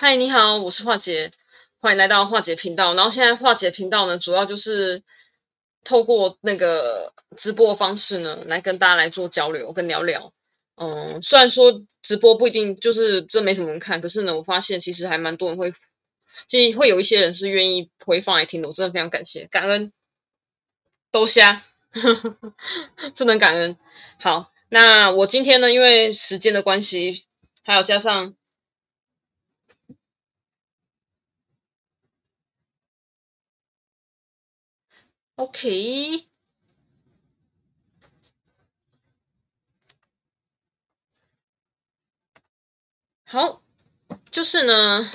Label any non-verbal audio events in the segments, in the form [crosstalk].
嗨，Hi, 你好，我是樺姐，歡迎來到樺姐頻道。然後現在樺姐頻道呢，主要就是透過那個直播的方式呢，來跟大家來做交流跟聊聊。嗯，雖然說直播不一定就是真沒什麼人看，可是呢，我發現其實還蠻多人會，其實會有一些人是願意回放來聽的，我真的非常感謝，感恩都瞎，呵呵真的感恩。好，那我今天呢，因為時間的關係，還有加上。OK，好，就是呢，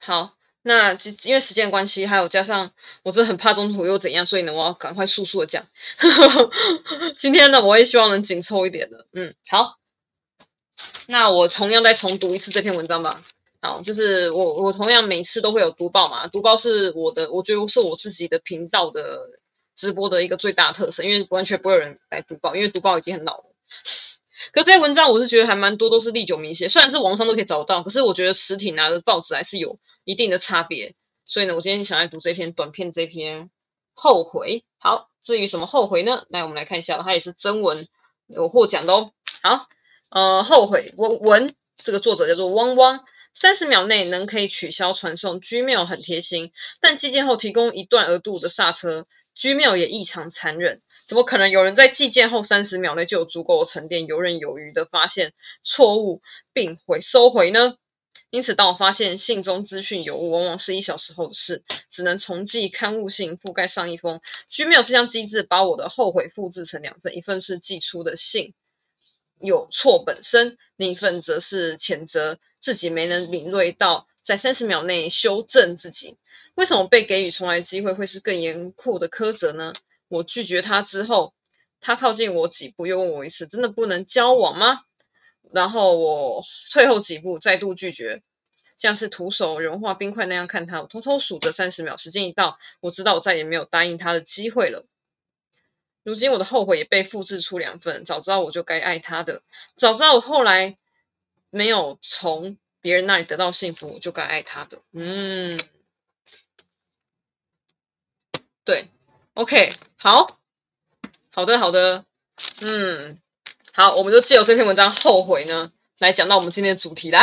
好，那因為時間關係，還有加上我真的很怕中途又怎樣，所以呢，我要趕快速速的講。 [laughs] 今天呢，我也希望能緊湊一點的，嗯，好，那我同樣再重讀一次這篇文章吧。好，就是我我同樣每次都會有讀報嘛，讀報是我的，我覺得是我自己的頻道的直播的一個最大特色，因為完全不會有人來讀報，因為讀報已經很老了。可這些文章我是覺得還蠻多，都是歷久彌新。雖然是網上都可以找到，可是我覺得實體拿的報紙還是有一定的差別。所以呢，我今天想來讀這篇短篇這篇後悔。好，至於什麼後悔呢？來，我們來看一下，它也是徵文，有獲獎的哦。好，呃，後悔文文，這個作者叫做汪汪。三十秒內能可以取消傳送，Gmail 很貼心，但寄件後提供一段額度的剎車，Gmail 也異常殘忍。怎麼可能有人在寄件後三十秒內就有足夠的沉澱，游刃有餘的發現錯誤並回收回呢？因此，當我發現信中資訊有誤，往往是一小時後的事，只能重寄刊物信，覆蓋上一封。Gmail 這項機制，把我的後悔複制成兩份，一份是寄出的信。有錯本身，另一份則是譴責自己沒能敏銳到在三十秒內修正自己。為什麼被給予重來的機會會是更嚴酷的苛責呢？我拒絕他之後，他靠近我幾步，又問我一次，真的不能交往嗎？然後我退後幾步，再度拒絕，像是徒手融化冰塊那樣看他。我偷偷數着三十秒，時間一到，我知道我再也沒有答應他的機會了。如今我的後悔也被複製出兩份，早知道我就該愛他的，早知道我後來沒有從別人那裡得到幸福，我就該愛他的。嗯，對，OK，好，好的，好的，嗯，好，我們就借由這篇文章後悔呢來講到我們今天的主題啦。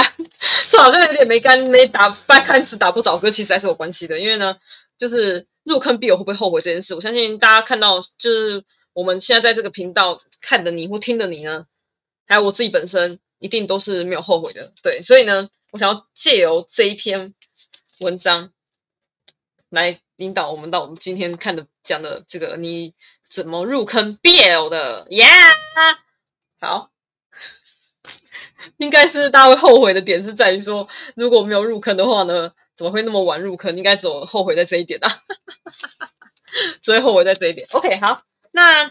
這 [laughs] 好像有點沒干沒打八竿子，打不着，哥，其實還是有關係的，因為呢，就是。入坑 BL 會不會後悔這件事？我相信大家看到，就是我們現在在這個頻道看的你或聽的你呢，還有我自己本身，一定都是沒有後悔的。對，所以呢，我想要借由這一篇文章來引導我們到我們今天看的講的這個，你怎麼入坑 BL 的？Yeah，好， [laughs] 應該是大家會後悔的點是在於說，如果沒有入坑的話呢？怎麼會那麼晚入坑？應該怎麼後悔在這一點啊？所 [laughs] 以後悔在這一點。OK，好，那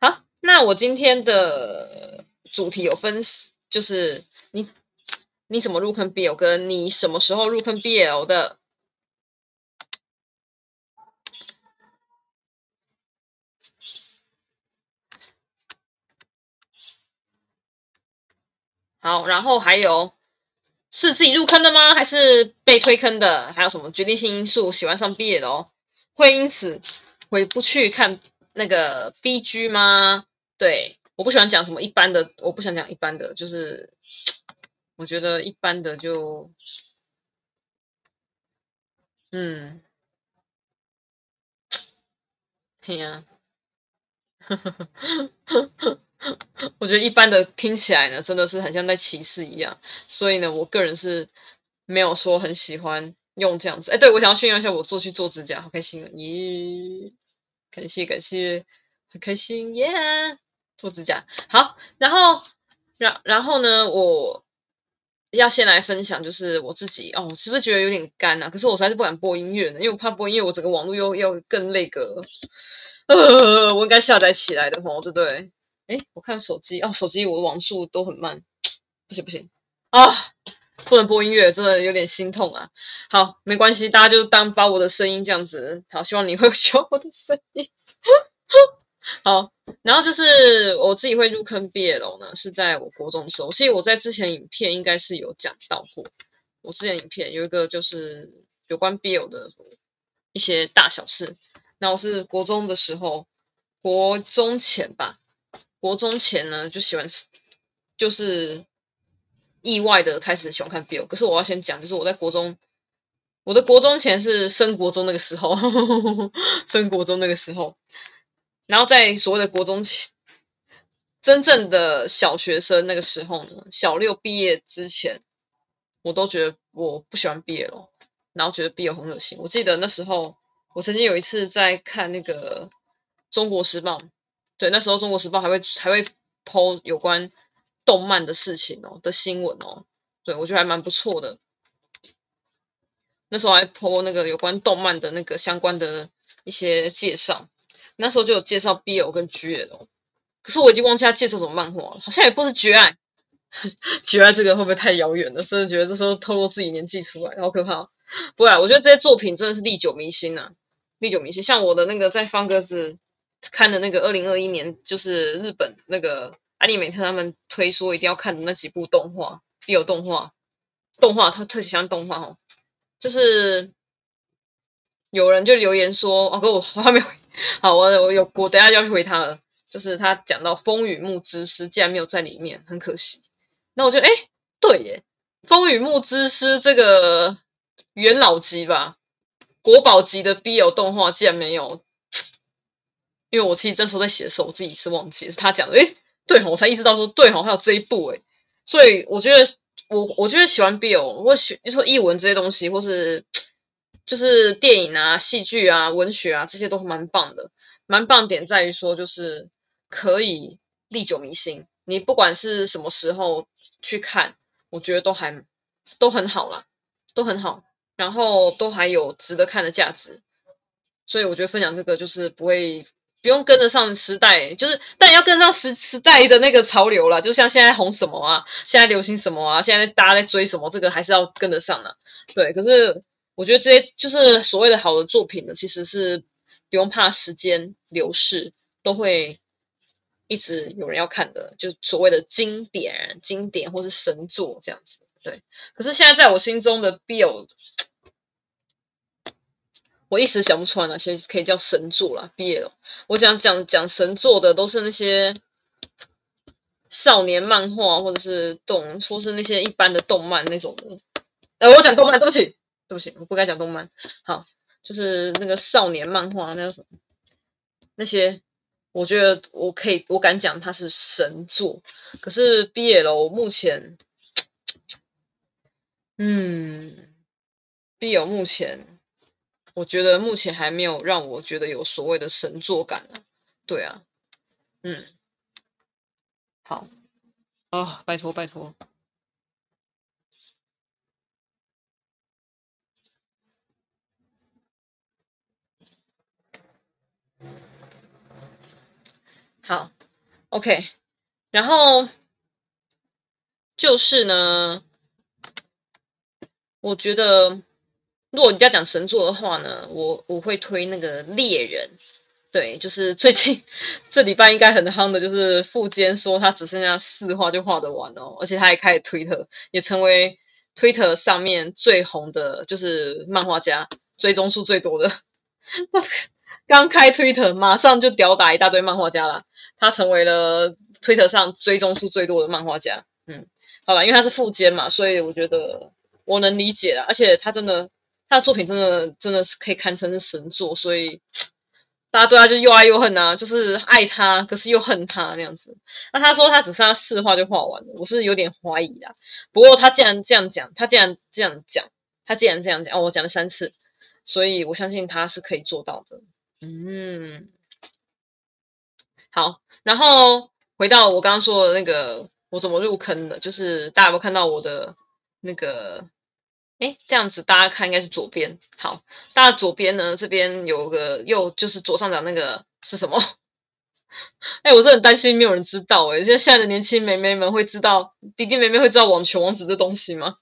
好，那我今天的主題有分，就是你你怎麼入坑 BL，跟你什麼時候入坑 BL 的？好，然後還有。是自己入坑的嗎？還是被推坑的？還有什麼決定性因素？喜歡上 BL 的哦，會因此回不去看那個 BG 嗎？對，我不喜歡講什麼一般的，我不想講一般的，就是我覺得一般的就，嗯，嘿呀、啊。呵呵呵呵呵呵 [laughs] 我覺得一般的聽起來呢，真的是很像在歧視一樣，所以呢，我個人是沒有說很喜歡用這樣子。哎，對，我想要炫耀一下，我做去做指甲，好開心啊，哦！咦，yeah，感謝感謝，很開心耶，yeah！做指甲好，然後然然後呢，我要先來分享就是我自己哦，我是不是覺得有點乾啊？可是我實在是不敢播音樂呢，因為我怕播音樂，我整個網絡又又更那個，呃，啊，我應該下載起來的哦，對不對？哎，我看手機哦，手機我的網速都很慢，不行不行啊，哦，不能播音樂，真的有點心痛啊。好，沒關係，大家就當發我的聲音這樣子。好，希望你會喜歡我的聲音。 [laughs] 好，然後就是我自己會入坑 BL 呢，是在我國中的時候，其實我在之前影片應該是有講到過。我之前影片有一個就是有關 BL 的一些大小事。那我是國中的時候，國中前吧。國中前呢，就喜歡，就是意外的開始喜歡看 BL。可是我要先講，就是我在國中，我的國中前是升國中那個時候，呵呵呵升國中那個時候，然後在所謂的國中期，真正的小學生那個時候呢，小六畢業之前，我都覺得我不喜歡 BL，然後覺得 BL 很噁心。我記得那時候，我曾經有一次在看那個《中國時報》。對，那時候《中國時報》還會還會 PO 有關動漫的事情哦的新聞哦，對，我覺得還蠻不錯的。那時候還 PO 那個有關動漫的那個相關的一些介紹，那時候就有介紹 BL 跟 GL 哦。可是我已經忘記他介紹什麼漫畫了，好像也不是《絕愛。》 [laughs] 《絕愛》這個會不會太遙遠了？真的覺得這時候透露自己年紀出來，好可怕哦。不過啊，我覺得這些作品真的是歷久彌新吶，歷久彌新。像我的那個在方格子。看的那個二零二一年，就是日本那個安利美特他們推說一定要看的那幾部動畫，BL 動畫，動畫，他特喜歡動畫哦。就是有人就留言說，哦、啊，哥，我還沒有好、啊，我我有，我等下就要去回他了。就是他講到《風與木之詩》竟然沒有在裡面，很可惜。那我就，哎，對耶，《風與木之詩》這個元老級吧，國寶級的 BL 動畫，竟然沒有。因為我其實這時候在寫的時候，我自己是忘記，是他講的，誒對哈、哦，我才意識到說對哈、哦，還有這一步誒，所以我覺得我我覺得喜歡 BL，或許比如說藝文這些東西，或是就是電影啊、戲劇啊、文學啊這些都蠻棒的，蠻棒點在於說就是可以歷久彌新，你不管是什麼時候去看，我覺得都還都很好啦，都很好，然後都還有值得看的價值，所以我覺得分享這個就是不會。不用跟得上時代，就是但要跟上時時代的那個潮流了。就像現在紅什麼啊，現在流行什麼啊，現在大家在追什麼，這個還是要跟得上的。對，可是我覺得這些就是所謂的好的作品呢，其實是不用怕時間流逝，都會一直有人要看的。就是所謂的經典、經典或是神作這樣子。對，可是現在在我心中的 BL。我一時想不出來哪些可以叫神作了。BL，我講講講神作的都是那些少年漫畫或者是動，說是那些一般的動漫那種的。呃，我講動漫，對不起，對不起，我不該講動漫。好，就是那個少年漫畫那叫什麼？那些我覺得我可以，我敢講它是神作。可是 BL，我目前，嗯，BL 目前。我覺得目前還沒有讓我覺得有所謂的神作感啊，對啊，嗯，好，哦，拜托拜托，好，OK，然後就是呢，我覺得。如果你要講神作的話呢，我我會推那個獵人，對，就是最近這禮拜應該很夯的，就是富堅說他只剩下四畫就畫得完哦，而且他還開推特，也成為推特上面最紅的，就是漫畫家追蹤數最多的。 [laughs] 剛開推特，馬上就屌打一大堆漫畫家了，他成為了推特上追蹤數最多的漫畫家。嗯，好吧，因為他是富堅嘛，所以我覺得我能理解啦，而且他真的。他的作品真的真的是可以堪稱是神作，所以大家對他就又愛又恨啊，就是愛他，可是又恨他那樣子。那他說他只是他四畫就畫完了，我是有點懷疑啦。不過他既然這樣講，他既然這樣講，他既然這樣講，哦，我講了三次，所以我相信他是可以做到的。嗯，好，然後回到我剛剛說的那個，我怎麼入坑的？就是大家都看到我的那個。哎，這樣子大家看應該是左邊。好，大家左邊呢這邊有個右，又就是左上角那個是什麼？哎，我真的很擔心沒有人知道哎，像現在的年輕妹妹們會知道，弟弟妹妹會知道網球王子這東西嗎？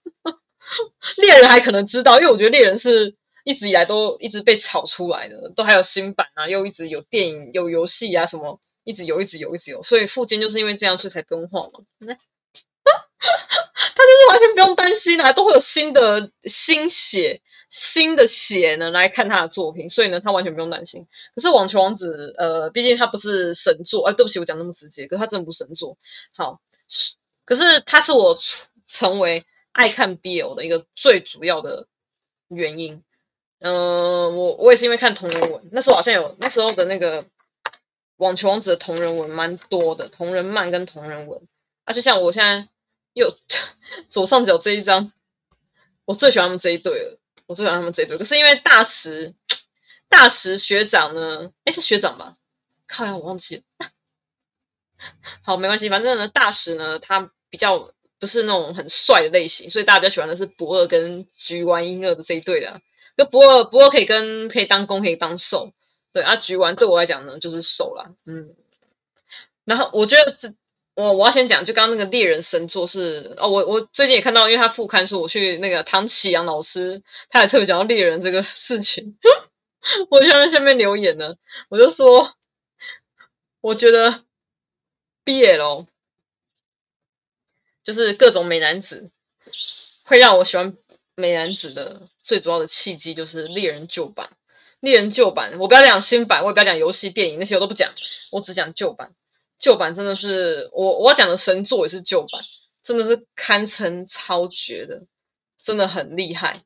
獵人還可能知道，因為我覺得獵人是一直以來都一直被炒出來的，都還有新版啊，又一直有電影、有遊戲啊什麼，一直有，一直有，一直有，所以附近就是因為這樣，所以才不用畫嘛。 [laughs] 他就是完全不用擔心啊，都會有新的新血新的血呢來看他的作品，所以呢，他完全不用擔心。可是網球王子，呃，畢竟他不是神作，哎、呃，對不起，我講那麼直接，可他真的不是神作。好，可是他是我成為愛看 BL 的一個最主要的原因。嗯、呃，我我也是因為看同人文，那時候好像有那時候的那個網球王子的同人文蠻多的，同人漫跟同人文。啊，就像我現在。又左上角這一張，我最喜歡他們這一對了。我最喜歡他們這一對，可是因為大石大石學長呢，哎、欸，是學長吧？靠呀，我忘記了。 [laughs] 好，沒關係，反正呢，大石呢，他比較不是那種很帥的類型，所以大家比較喜歡的是不二跟菊丸英二的這一對啦、啊。就不二，不二可以跟可以當攻，可以當受，對啊，菊丸對我來講呢，就是受啦。嗯，然後我覺得這。我我要先講，就剛剛那個獵人神作是哦，我我最近也看到，因為他副刊說我去那個湯啟揚老師，他也特別講到獵人這個事情。 [laughs] 我就在下面留言呢，我就說，我覺得 BL，就是各種美男子，會讓我喜歡美男子的最主要的契機就是獵人舊版。獵人舊版，我不要講新版，我也不要講遊戲、電影那些，我都不講，我只講舊版。舊版真的是我我要講的神作也是舊版，真的是堪稱超絕的，真的很厲害，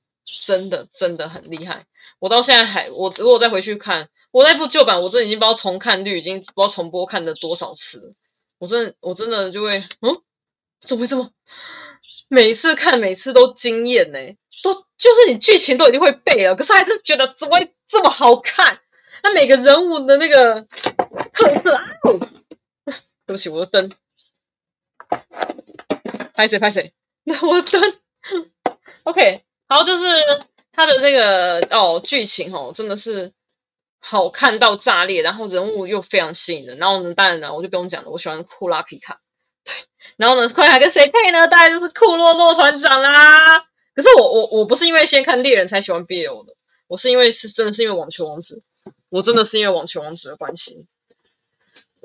真的真的很厲害。我到現在還我如果再回去看我那部舊版，我真的已經不知道重看率已經不知道重播看了多少次。我真的我真的就會嗯，怎麼會這麼？每次看每次都驚艷呢，欸，都就是你劇情都已經會背了，可是還是覺得怎麼會這麼好看？那每個人物的那個特色啊。哎對不起，我的燈拍誰拍誰，那我的燈 OK。好，就是他的那、這個哦，劇情哦，真的是好看到炸裂，然後人物又非常吸引人。然後呢，當然呢，我就不用講了，我喜歡庫拉皮卡。對，然後呢，庫拉跟誰配呢？大概就是庫洛洛團長啦。可是我我我不是因為先看獵人才喜歡 BL 的，我是因為是真的是因為網球王子，我真的是因為網球王子的關係。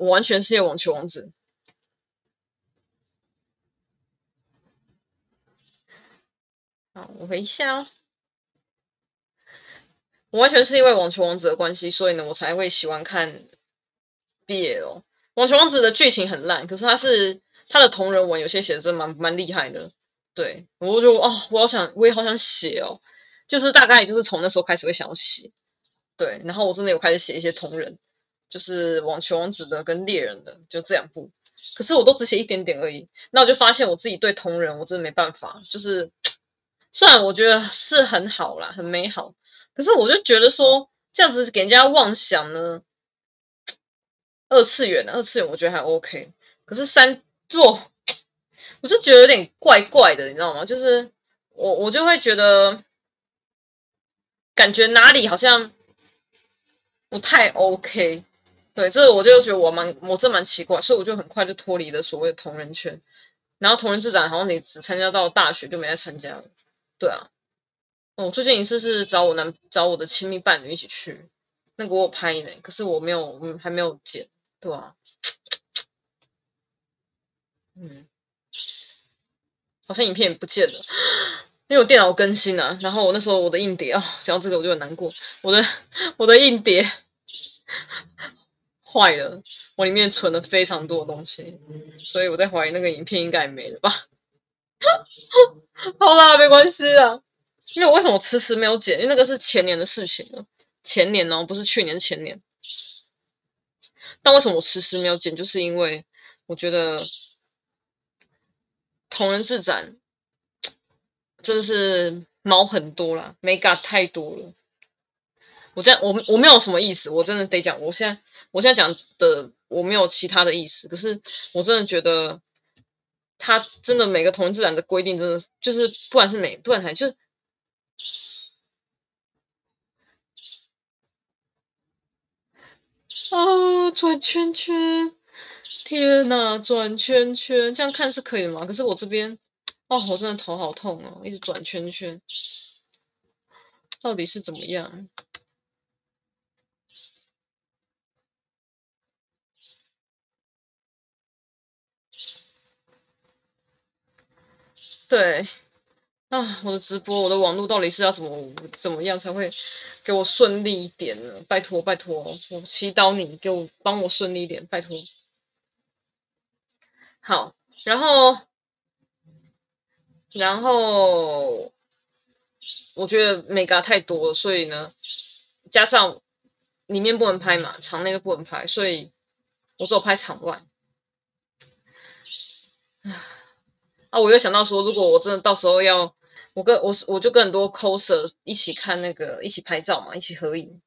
我完全是因為網球王子，好，我回一下哦，我完全是因為網球王子的關係，所以呢，我才會喜歡看 BL。BL 網球王子的劇情很爛，可是他是他的同人文，有些寫的真蠻蠻厲害的。對，我覺得哦，我好想，我也好想寫哦，就是大概就是從那時候開始會想寫，對，然後我真的有開始寫一些同人。就是網球王子的跟獵人的，就這兩部，可是我都只寫一點點而已。那我就發現我自己對同人我真的沒辦法，就是雖然我覺得是很好啦，很美好，可是我就覺得說這樣子給人家妄想呢。二次元的、啊、二次元我覺得還 OK，可是三座我就覺得有點怪怪的，你知道嗎？就是我我就會覺得感覺哪裡好像不太 OK。對，這個、我就覺得我蠻，我這蠻奇怪，所以我就很快就脫離了所謂的同人圈。然後同人誌展，好像你只參加到大學就沒再參加了。對啊，哦，最近一次是，是找我男，找我的親密伴侶一起去，那個我拍呢，可是我沒有，嗯，還沒有剪，對啊。嗯，好像影片也不見了，因為我電腦更新了，啊，然後我那時候我的硬碟啊，哦，講到這個我就很難過，我的我的硬碟。壞了，我裡面存了非常多的東西，所以我在懷疑那個影片應該也沒了吧。 [laughs] 好啦，沒關係啦，因為我為什麼遲遲沒有剪？因為那個是前年的事情了，前年哦、喔，不是去年，前年。但為什麼我遲遲沒有剪？就是因為我覺得同人自展真的是毛很多啦，沒咖太多了。我在我我沒有什麼意思，我真的得講，我現在我現在講的我沒有其他的意思，可是我真的覺得他真的每個同一自然的規定，真的就是不管是哪段台就是啊轉圈圈，天哪、啊、轉圈圈，這樣看是可以的嗎？可是我這邊哦，我真的頭好痛哦，一直轉圈圈，到底是怎麼樣？對啊，我的直播，我的網絡到底是要怎麼怎麼樣才會給我順利一點呢？拜託拜託，我祈禱你給我幫我順利一點，拜託。好，然後，然後我覺得美甲太多了，所以呢，加上裡面不能拍嘛，場內都不能拍，所以我只有拍場外。啊。啊！我又想到說，如果我真的到時候要我跟我是我就跟很多 coser 一起看那個一起拍照嘛，一起合影。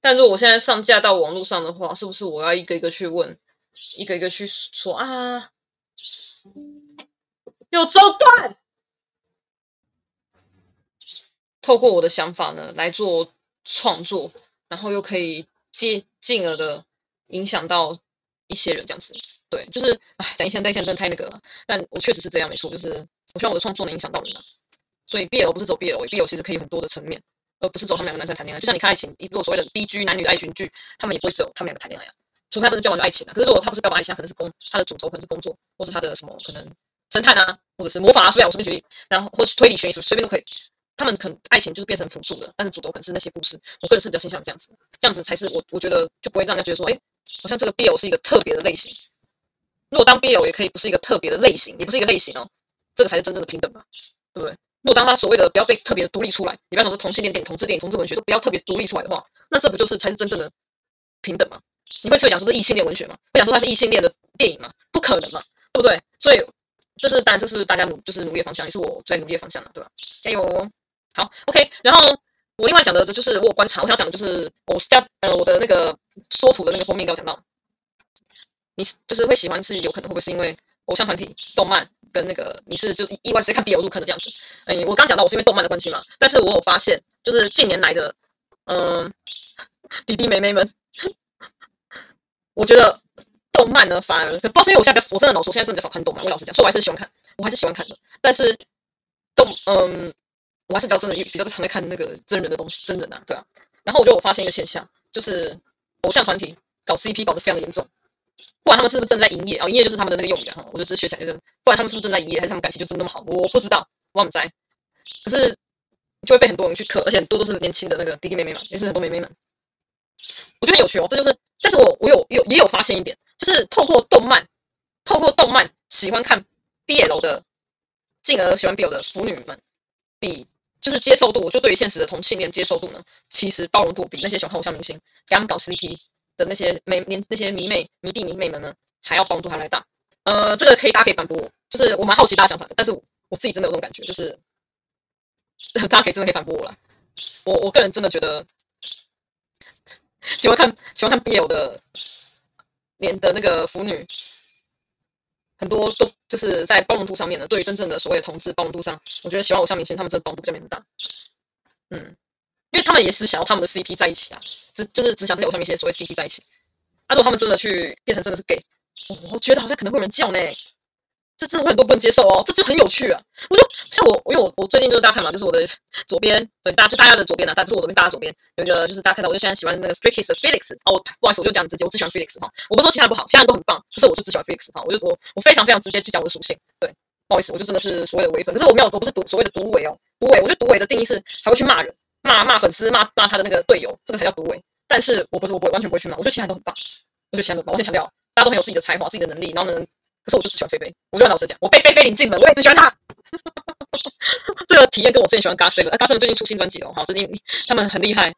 但如果我現在上架到網絡上的話，是不是我要一個一個去問，一個一個去說啊？又中斷。透過我的想法呢來做創作，然後又可以接進而的影響到。一些人這樣子，對，就是唉，講一些代線真的太那個了，啊。但我確實是這樣，沒錯，就是我希望我的創作能影響到你們，啊。所以 BL 不是走 BL，我、欸、BL 其實可以有很多的層面，而不是走他們兩個男生談戀愛。就像你看愛情，如果所謂的 BG 男女的愛情劇，他們也不會走他們兩個談戀愛啊，除非他們交往是愛情啊。可是如果他不是交往愛情，啊，可能是工，他的主軸可能是工作，或是他的什麼可能偵探啊，或者是魔法啊，隨便，啊、我隨便舉例，然後或是推理懸疑什麼，隨便都可以。他們可能愛情就是變成輔助的，但是主軸可能是那些故事。我個人是比較傾向於這樣子，這樣子才是我我覺得就不會讓人家覺得說，哎、欸。好像這個 BL 是一個特別的類型，如果當 BL 也可以不是一個特別的類型，也不是一個類型哦，這個才是真正的平等嘛，對不對？如果當他所謂的不要被特別的獨立出來，你不要說是同性戀電影、同志電影、同志文學都不要特別獨立出來的話，那這不就是才是真正的平等嗎？你會去講說是異性戀文學嗎？會講說它是異性戀的電影嗎？不可能嘛，對不對？所以這是當然，這是大家努就是努力的方向，也是我在努力的方向了啊，對吧？加油，好，OK，然後。我另外講的，就是我有觀察，我想講的就是，我加呃，我的那個說圖的那個封面，都剛講到，你是就是會喜歡自己，有可能會不會是因為偶像團體、動漫跟那個，你是就意外直接看 BL 入坑的這樣子。嗯、欸，我剛講到我是因為動漫的關係嘛，但是我有發現，就是近年來的，嗯、呃，弟弟妹妹們，我覺得動漫呢反而，不是因為我現在比較，我真的老實說，現在真的比較少看動漫。我老實講，所以我還是喜歡看，我還是喜歡看的，但是動嗯。呃我還是比較真的，比較常在看那個真人的東西，真人啊，對啊。然後我就我發現一個現象，就是偶像團體搞 CP 搞的非常的嚴重。不管他們是不是正在營業啊、哦，營業就是他們的那個用語啊。我就只是學起來就是，不管他們是不是正在營業，還是他們感情就真的那麼好？我不知道，我忘災。可是就會被很多人去嗑，而且很多都是年輕的那個弟弟妹妹嘛，也是很多妹妹們。我覺得很有趣哦，這就是。但是我有我有有也有發現一點，就是透過動漫，透過動漫喜歡看 b 樓的，進而喜歡 BL 的腐女們，比。就是接受度，我就對於現實的同性戀接受度呢，其實包容度比那些喜歡偶像明星給他們搞 CP 的那些美年，那些迷妹迷弟迷妹們呢還要包容度還來大。呃，這個可以大家可以反駁我，就是我蠻好奇大家想法的，但是我，我自己真的有種感覺，就是大家可以真的可以反駁我了。我我個人真的覺得喜歡看喜歡看 B 友的年的那個腐女。很多都就是在包容度上面呢，對於真正的所謂的同志包容度上，我覺得喜歡偶像明星他們真的包容度不見得很大，嗯，因為他們也是想要他們的 CP 在一起啊，只就是只想在偶像明星的所謂 CP 在一起。啊、如果他們真的去變成真的是 gay，我覺得好像可能會有人叫呢。這我很多不能接受哦，這就很有趣啊！我就像我，因為我我最近就是大家看嘛，就是我的左邊，對，大家就大家的左邊啊，但不是我左邊大家左邊。有一個就是大家看到，我就現在喜歡那個 Stray Kids 的 Felix 哦，不好意思，我就講直接，我只喜歡 Felix 哈，我不說其他不好，其他人都很棒，就是我就只喜歡 Felix 哈。我就說，我非常非常直接去講我的屬性，對，不好意思，我就真的是所謂的唯粉，可是我沒有我不是所謂的獨唯哦，獨唯，我覺得獨唯的定義是還會去罵人，罵罵粉絲，罵罵他的那個隊友，這個才叫獨唯。但是我不是，我不會我完全不會去罵，我覺得其他人都很棒，我覺得其他都很棒。我先強調，大家都很有自己的才華、自己的能力，然後呢？可是我就是喜歡菲菲，我就跟老實講，我被菲菲領進門，我也只喜歡他。 [laughs] 這個體驗跟我之前喜歡嘎水們，嘎水們最近出新專輯了，好，最近他們很厲害，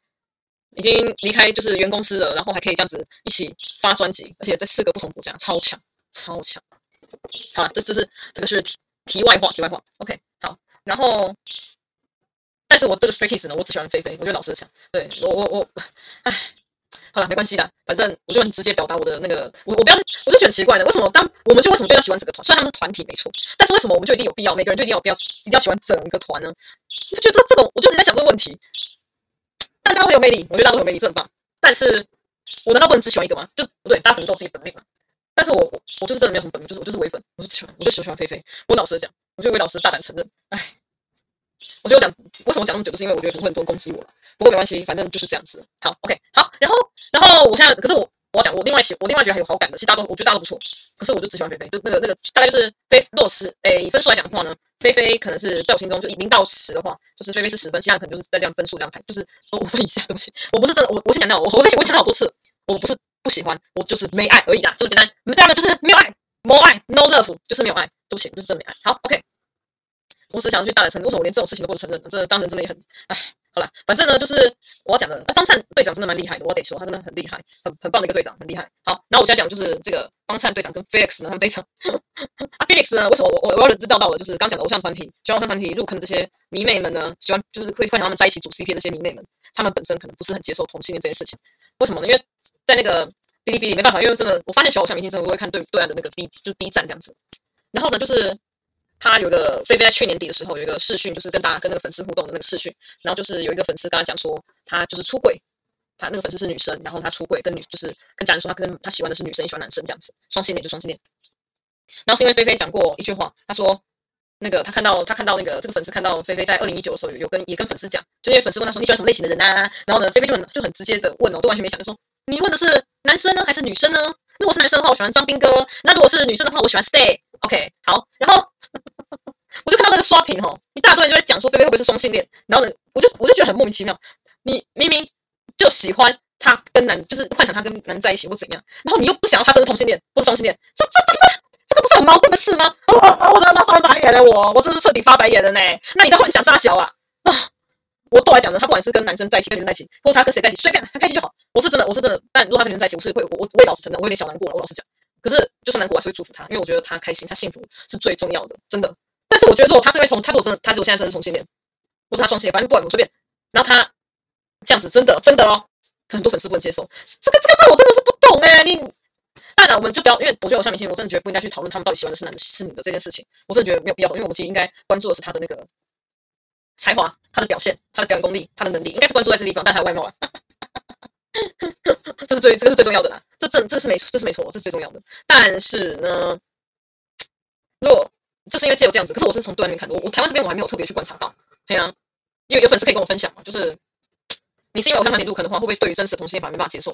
已經離開就是原公司了，然後還可以這樣子一起發專輯，而且這四個不同國家，超強，超強。好，這這是這個是題題外話，題外話。OK，好。然後，但是我這個 s practice 呢，我只喜歡菲菲，我覺得老實講。對我，我，我，哎。好了，沒關係的，反正我就很直接表達我的那個，我我不要，我就覺得很奇怪的，為什麼當我們就為什麼就要喜歡整個團？雖然他們是團體沒錯，但是為什麼我們就一定有必要每個人就一定要有必要一定要喜歡整一個團呢、啊？就這這種，我就是在想這個問題。但大家都很有魅力，我覺得大家都很有魅力，這很棒。但是，我難道不能只喜歡一個嗎？就不對，大家可能都有自己本命嘛。但是我我就是真的沒有什麼本命，就是我就是唯粉，我就喜歡我就喜歡菲菲。我老實講，我就得韋老師大膽承認，哎。我覺得我講為什麼講那麼久，就是因為我覺得不會很多人攻擊我，不過沒關係，反正就是這樣子。好，OK，好，然後，然後我現在可是我我要講我另外喜我另外覺得還有好感的，其實大家都，我覺得大家都不錯。可是我就只喜歡菲菲，就那個那個大概就是菲洛實。哎，以分數來講的話呢，菲菲可能是在我心中，就以零到十的話，就是菲菲是十分，其他可能就是在這樣分數這樣排，就是五分以下都行。我不是真的，我我先講到，我我我講了好多次，我不是不喜歡，我就是沒愛而已啦，就是簡單，你們這樣子就是沒有愛 more 愛，no love，就是沒有愛都行，就是真的沒愛。好，OK。同時想要去大膽承認，為什麼我連這種事情都不,不承認？真的，當人真的也很……哎，好了，反正呢，就是我講的。那、啊、方燦隊長真的蠻厲害的，我得說他真的很厲害，很很棒的一個隊長，很厲害。好，那我現在講的就是這個方燦隊長跟 Felix 呢，他們這一場。阿、 [laughs] 啊、Felix 呢，為什麼我我我要知道到了，就是剛講的偶像團體，喜歡偶像團體，入坑的這些迷妹們呢，喜歡就是會發現他們在一起組 CP 的這些迷妹們，他們本身可能不是很接受同性戀這件事情。為什麼呢？因為在那個嗶哩嗶哩沒辦法，因為真的我發現，喜歡偶像明星真的不會看對對岸的那個 B 就是 B 站這樣子。然後呢，就是。他有個菲菲在去年底的時候有一個視訊，就是跟大家跟那個粉絲互動的那個視訊，然後就是有一個粉絲跟他講說，他就是出櫃，他那個粉絲是女生，然後他出櫃跟女就是跟家人說他跟他喜歡的是女生，也喜歡男生這樣子，雙性戀就雙性戀。然後是因為菲菲講過一句話，他說那個他看到他看到那個這個粉絲看到菲菲在二零一九的時候有跟也跟粉絲講，就因為粉絲問他說，你喜歡什麼類型的人啊？然後呢，菲菲就很就很直接的問，我都完全沒想，就說你問的是男生呢還是女生呢？如果是男生的話，我喜歡張斌哥；那如果是女生的話，我喜歡 Stay。OK，好，然後。我就看到那個刷屏吼，一大堆人就在講說菲菲會不會是雙性戀，然後呢，我就我就覺得很莫名其妙。你明明就喜歡他跟男，就是幻想他跟男人在一起或怎樣，然後你又不想要他真的同性戀或是雙性戀，這這這，這，這，這不是這個不是很矛盾的事嗎？我真的翻白眼了，我了我，我真是徹底翻白眼了呢、欸。那你的幻想啥小啊啊！我都來講的，他不管是跟男生在一起、跟女生在一起，或者他跟誰在一起，隨便他開心就好。我是真的，我是真的。但如果他跟女生在一起，我是會我我也老實承認，我有點小難過。了，我老實講，可是就算難過，我還是會祝福他，因為我覺得他開心、他幸福是最重要的，真的。但是我覺得，如果他是位同，他說我真的，他說我現在真的是同性戀，不是他雙性戀，反正不管我隨便。然後他這樣子，真的真的哦，很多粉絲不能接受，這個這個這我真的是不懂欸！你，當然了，我們就不要，因為我覺得偶像明星，我真的覺得不應該去討論他們到底喜歡的是男的是女的這件事情，我真的覺得沒有必要。因為我們其實應該關注的是他的那個才華、他的表現、他的表演功力、他的能力，應該是關注在這地方，但他有外貌啊，這是最，這個是最重要的啦，這這這是沒錯，這是沒錯，這是最重要的。但是呢，如果就是因為只有這樣子，可是我是從對岸那邊看，我我台灣這邊我還沒有特別去觀察到，對啊，因為有粉絲可以跟我分享嘛，就是你是因為偶像團體入坑的話，會不會對於真實的同性戀法沒辦法接受？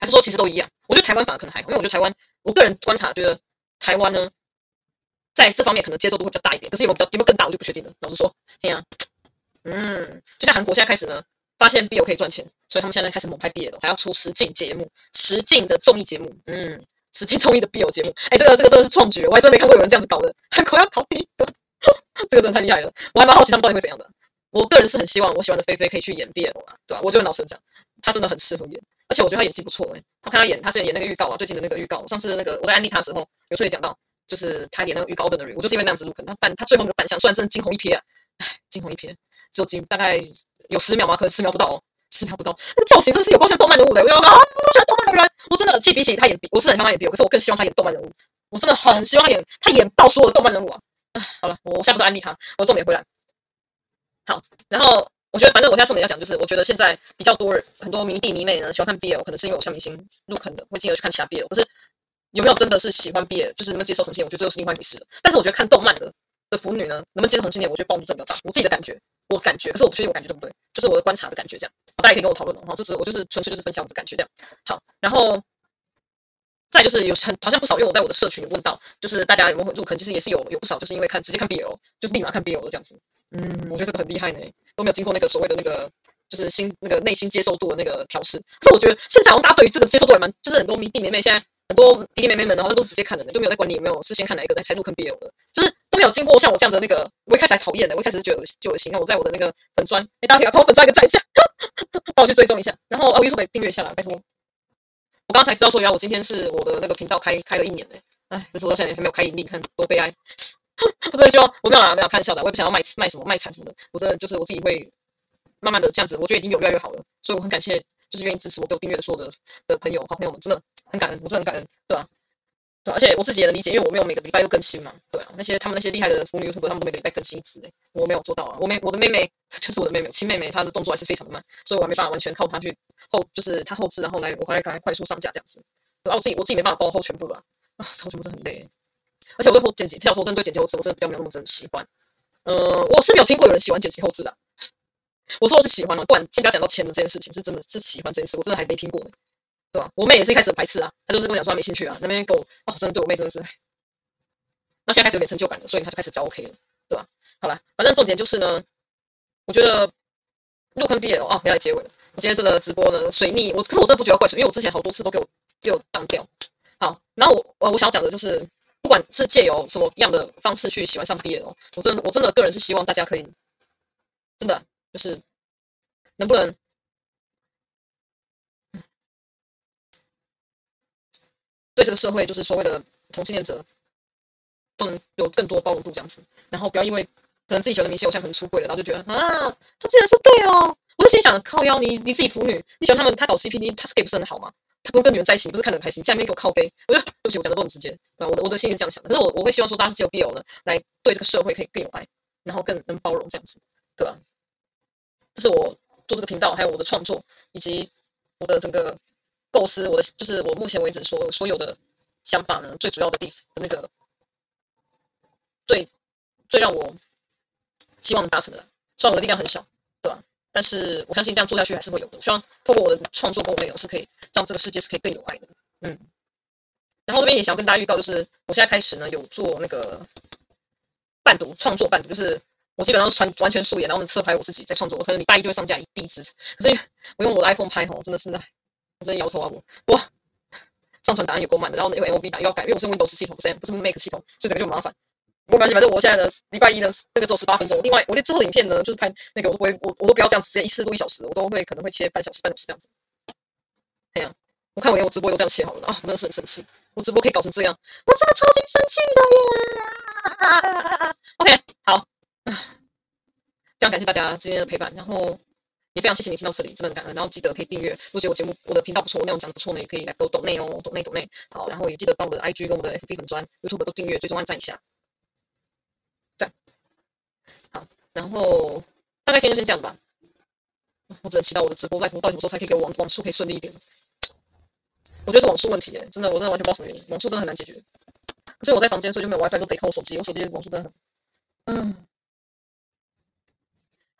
還是說其實都一樣？我覺得台灣反而可能還好，因為我覺得台灣我個人觀察覺得台灣呢，在這方面可能接受度會比較大一點，可是有沒有比較有沒有更大，我就不確定了。老實說，對啊，嗯，就像韓國現在開始呢，發現 B 友可以賺錢，所以他們現在開始猛拍 B 友，還要出實境節目、實境的綜藝節目，嗯。實境綜藝的 BL 節目，哎，這個這個真的是創舉，我還真沒看過有人這樣子搞的。韓國要考第一個，這個人太厲害了，我還蠻好奇他們到底會怎樣的。我個人是很希望我喜歡的菲菲可以去演 BL 嘛，對吧、啊？我就得老實講他真的很適合演，而且我覺得他演技不錯誒。哎，我看他演，他之前演那個預告啊，最近的那個預告，上次那個我在安利他的時候，劉碩也講到，就是他演那個預告的那，我就是因為那樣子入坑他扮他最後那個扮相，雖然真的驚鴻一瞥、啊，哎，驚鴻一瞥只有幾大概有十秒嗎？可能十秒不到哦。絲毫不動，那個造型真的是有夠像動漫人物的欸。我要講啊，我喜歡動漫的人，我真的既比起他演，我是很喜歡他演 BL，可是我更希望他演動漫人物。我真的很希望他演，他演到所有的動漫人物啊。好了，我下次再安利他。我重點回來，好。然後我覺得，反正我現在重點要講就是，我覺得現在比較多人，很多迷弟迷妹呢，喜歡看 BL，可能是因為偶像明星入坑的，會進而去看其他 BL。可是有沒有真的是喜歡 BL，就是能不能接受同性？我覺得這個是另外一回事。但是我覺得看動漫的的腐女呢，能不能接受同性戀？我覺得幫助真的比較大。我自己的感覺，我的感覺，可是我不確定我感覺對不對。就是我的觀察的感覺這樣，哦、大家也可以跟我討論哦。好，這隻我就是純粹就是分享我的感覺這樣。好，然後，再就是有很好像不少，因為我在我的社群有問到，就是大家有沒有入坑，其實也是有有不少，就是因為看直接看 BL 就是立馬看 BL 的這樣子。嗯，我覺得這個很厲害呢，都沒有經過那個所謂的那個就是心那個內心接受度的那個調試。所以我覺得現在大家對於這個接受度也蠻，就是很多弟弟妹妹現在很多弟弟妹妹們的話，然後都是直接看人的，就沒有在管你有沒有事先看哪一個在才入坑 BL 的，就是。都沒有經過像我這樣的那個，我一開始還討厭的，我一開始覺得就噁心。那我在我的那個粉專，誒，大家可以、啊、幫我粉專一個贊一下呵呵，幫我去追蹤一下。然後、哦、我 YouTube 也訂閱一下啦，拜託！我剛剛才知道說，原來我今天是我的那個頻道開開了一年嘞，哎，可是我到現在還沒有開盈利，看多悲哀。我真的希望，我沒有我幹嘛開玩笑的？我也不想要賣賣什麼賣慘什麼的。我真的就是我自己會慢慢的這樣子，我覺得已經有越來越好了。所以我很感謝，就是願意支持我給我訂閱的所有的的朋友、好朋友們，真的很感恩，我真的很感恩，對吧、啊？對、啊，而且我自己也能理解，因為我沒有每個禮拜都更新嘛。對啊，那些他們那些厲害的風面 YouTube，他們都每個禮拜更新一次，哎，我沒有做到啊。我沒，我的妹妹就是我的妹妹，親妹妹，她的動作還是非常的慢，所以我還沒辦法完全靠她去後，就是她後製，然後來我回來趕快快速上架這樣子。然後、啊、我自己我自己沒辦法幫後全部吧。啊，後全部是很累。而且我後剪輯，其實我真的對剪輯我真的比較沒有那麼真的喜歡。嗯、呃，我是沒有聽過有人喜歡剪輯後製的、啊，我說我是喜歡的、啊，不管，先不要講到錢的這件事情，是真的，是喜歡這件事，我真的還沒聽過呢。對吧？我妹也是一開始排斥啊，她就是跟我講說她沒興趣啊。那邊狗哦，真的對我妹真的是，那現在開始有點成就感了，所以她就開始比較 OK 了，對吧？好吧，反正重點就是呢，我覺得入坑 BL 哦，不要來接我了。我今天這個直播呢，水逆，我可是我真的不覺得怪誰，因為我之前好多次都給我給我斷掉。好，然後我我想要講的就是，不管是借由什麼樣的方式去喜歡上 BL 哦，我真的我真的個人是希望大家可以真的就是能不能。對這個社會，就是所謂的同性戀者，都能有更多包容度這樣子。然後不要因為可能自己喜歡的明星偶像可能出軌了，然後就覺得啊，他竟然是 gay 哦，我就心想靠腰，你你自己腐女，你喜歡他們，他搞 CP，他是 gay 不是很好嗎？他不跟女人在一起，你不是看得很開心？竟然沒給我靠背，我就對不起，講的都很直接。那我、啊、我的心裡是這樣想的，可是我我會希望說大家是有必要的來對這個社會可以更有愛，然後更能包容這樣子，對吧、啊？這是我做這個頻道，還有我的創作以及我的整個。構思，我就是我目前為止所所有的想法呢，最主要的地方，那個最最讓我希望能達成的，雖然我的力量很小，對吧？但是我相信這樣做下去還是會有的。我希望透過我的創作跟我內容，是可以讓這、這個世界是可以更有愛的。嗯。然後這邊也想要跟大家預告，就是我現在開始呢有做那個伴讀創作伴讀，就是我基本上是完全素顏，然後側拍我自己在創作。我可能禮拜一就會上架一第一次，可是我用我的 iPhone 拍吼，真的是那。我真搖頭啊我哇，上傳檔案也夠慢的，然後那回 M O B 打又要改，因為我是 Windows 系統不是不是 Mac 系統，所以整個就麻煩。沒關係吧？這我現在的禮拜一呢，這、那個只有十八分鐘。另外，我連最後的影片呢，就是拍那個，我我我都不要這樣子，直接一次錄一小時，我都會可能會切半小時、半小時這樣子。哎呀、啊，我看我連我直播我都這樣切好了啊，真的是很生氣。我直播可以搞成這樣，我真的超級生氣的我。 [laughs] OK，好，非常感謝大家今天的陪伴，然後。也非常謝謝你聽到這裡，真的很感恩。然後記得可以訂閱，如果覺得我節目、我的頻道不錯，我內容講不錯呢，也可以來抖抖內哦，抖內抖內。好，然後也記得幫我的 IG 跟我的 FB 粉專 YouTube 都訂閱，最終按讚一下，讚。好，然後大概先就先這樣吧。我只能祈禱我的直播到底不知道什麼時候才可以，給我網網速可以順利一點。我覺得是網速問題耶、欸，真的，我真的完全不知道什麼原因，網速真的很難解決。所以我在房間所以就沒有 WiFi，都得靠我手機，我手機網速真的很，嗯。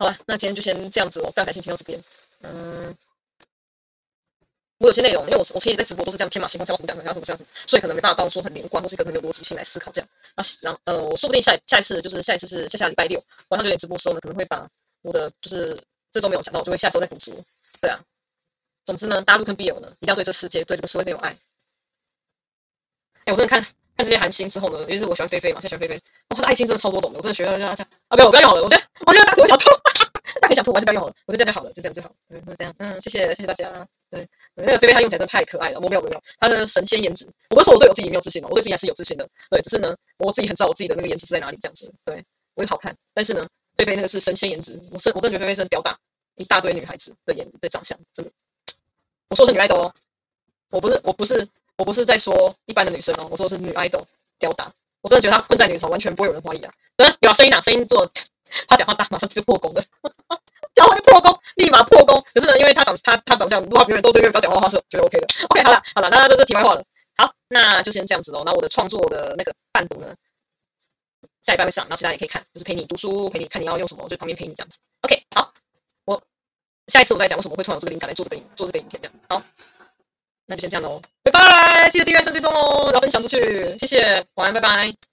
好啦，那今天就先這樣子，我非常感謝聽到這邊。嗯，我有些內容，因為我我其實，在直播都是這樣天馬行空，講什麼講什麼，講什麼講什,什麼，所以可能沒辦法到說很連貫，或是可能有邏輯性來思考這樣。那然呃，我說不定下下一次，就是下一次是下下禮拜六晚上九點直播時候呢，可能會把我的就是這週沒有講到，我就會下周再補足。對啊，總之呢，大家入坑 BL 呢，一定要對這世界，對這個社會更有愛。哎、欸，我這邊看。看這些韓星之後呢，尤其是我喜歡菲菲嘛，喜歡菲菲，她的愛心真的超多種的，我真的學了這樣這啊，啊不要，我不要用好了，我覺得我覺得大狗想吐，啊、大狗想吐，我還是不要用好了，我就這樣就好了，就這樣最好，嗯，就這樣，嗯，謝謝謝謝大家。對，那個菲菲她用起來真的太可愛了，我沒有沒有，她的神仙顏值，我不是說我對我自己沒有自信嘛，我對自己還是有自信的，對，只是呢，我自己很知道我自己的那個顏值是在哪裡這樣子，對我也好看，但是呢，菲菲那個是神仙顏值，我是我真的覺得菲菲真的吊打一大堆女孩子的顏的長相，真的，我說的是女愛豆，哦。我不是我不是。我不是在說一般的女生哦，我說的是女愛豆吊打。我真的覺得她混在女團，完全不會有人懷疑啊！真的、啊，你把聲音檔、啊，聲音做，她講話大，馬上就破功了。講話就破功，立馬破功。可是呢，因為她長她她長相，不怕別人多嘴，不要講話的話，覺得 OK 的。OK，好了好了，那這是題外話了。好，那就先這樣子嘍。那我的創作的那個伴讀呢，下一半會上，然後其他人也可以看，就是陪你讀書，陪你看你要用什麼，我就旁邊陪你這樣子。OK，好，我下一次我再講為什麼會突然有這個靈感來做這個影做這個影片這樣。好。那就先這樣嘍，拜拜！記得訂閱正追蹤哦，然後分享出去，謝謝，晚安，拜拜。